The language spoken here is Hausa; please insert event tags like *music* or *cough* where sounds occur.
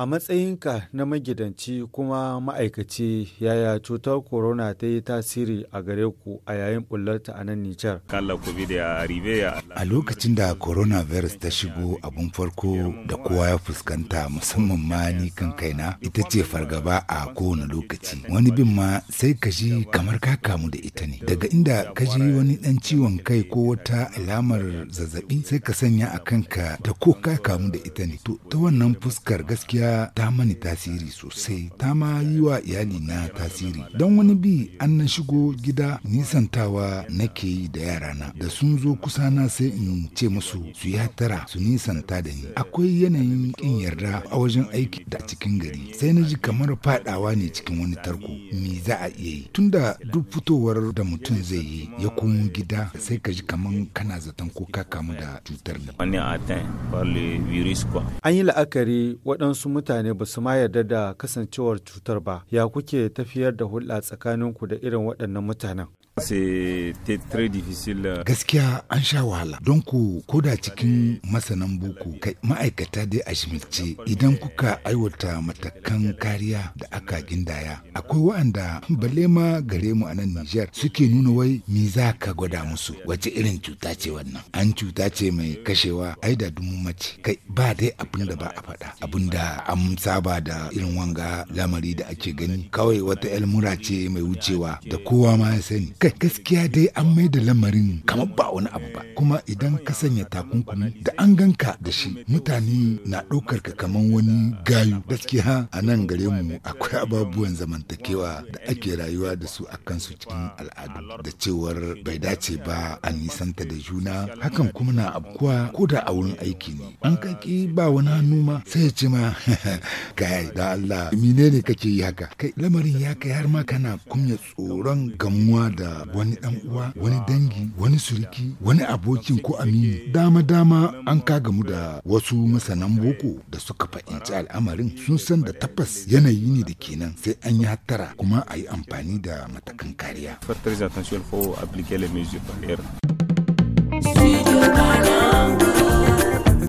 A matsayinka na magidanci kuma ma'aikaci, yaya cutar corona ta yi tasiri a gare ku a yayin bullarta a nan Nijar? A lokacin da coronavirus ta shigo abun farko da kowa ya fuskanta musamman ma ni kan kaina ita ce fargaba a kowane lokaci. Wani bin ma sai ka ji kamar ka kamu da ita ne. Daga inda ka ji wani dan ciwon kai ko wata alamar zazzabi sai ka sanya a kanka da ko ka kamu da ita ne. To ta wannan fuskar gaskiya ga ta mani tasiri sosai ta ma yi wa iyali na tasiri don wani bi an na shigo gida nisantawa nake yi da yarana da sun zo kusa na sai in ce musu su yi hattara su nisanta da ni akwai yanayin kin yarda a wajen aiki da cikin gari sai na ji kamar fadawa ne cikin wani tarko me za a iya yi tunda duk fitowar da mutum zai yi ya komo gida sai ka ji kamar kana zaton ko ka kamu da cutar ne an yi la'akari waɗansu mutane ba su ma yarda da kasancewar cutar ba, ya kuke tafiyar da hulɗa tsakaninku da irin waɗannan mutanen? Gaskiya an sha wahala don ku koda cikin masanan buku kai ma'aikata dai a shimilce idan kuka aiwata matakan kariya da aka gindaya. Akwai wa'anda balle ma gare mu a nan Nijar suke nuna wai me za ka gwada musu wace irin cuta ce wannan. An cuta ce mai kashewa ai da dumu mace kai ba dai abin da ba a faɗa abin da an saba da irin wanga lamari da ake gani kawai wata mura ce mai wucewa da kowa ma ya sani. Kai gaskiya dai an mai da lamarin kamar ba wani abu ba. Kuma idan ka sanya takunkumi da an ganka da shi mutane na ɗaukar ka kaman wani gayu. Gaskiya a nan gare mu akwai ababuwan zamantakewa da ake rayuwa da su akan su cikin al'adu da cewar bai dace ba a nisanta da juna hakan kuma na abkuwa ko da a wurin aiki ne. An kaki ba wani hannu ma sai ya ce ma *laughs* kai da Allah menene kake yi haka kai lamarin ya kai har ma kana kunya tsoron gamuwa da wani dan uwa wani dangi wani suriki wani abokin ko amini dama dama an ka gamu da wasu masanan boko da suka fahimci al'amarin sun san da tabbas yanayi ne da kenan sai an yi hattara kuma a yi amfani da matakan kariya. Studio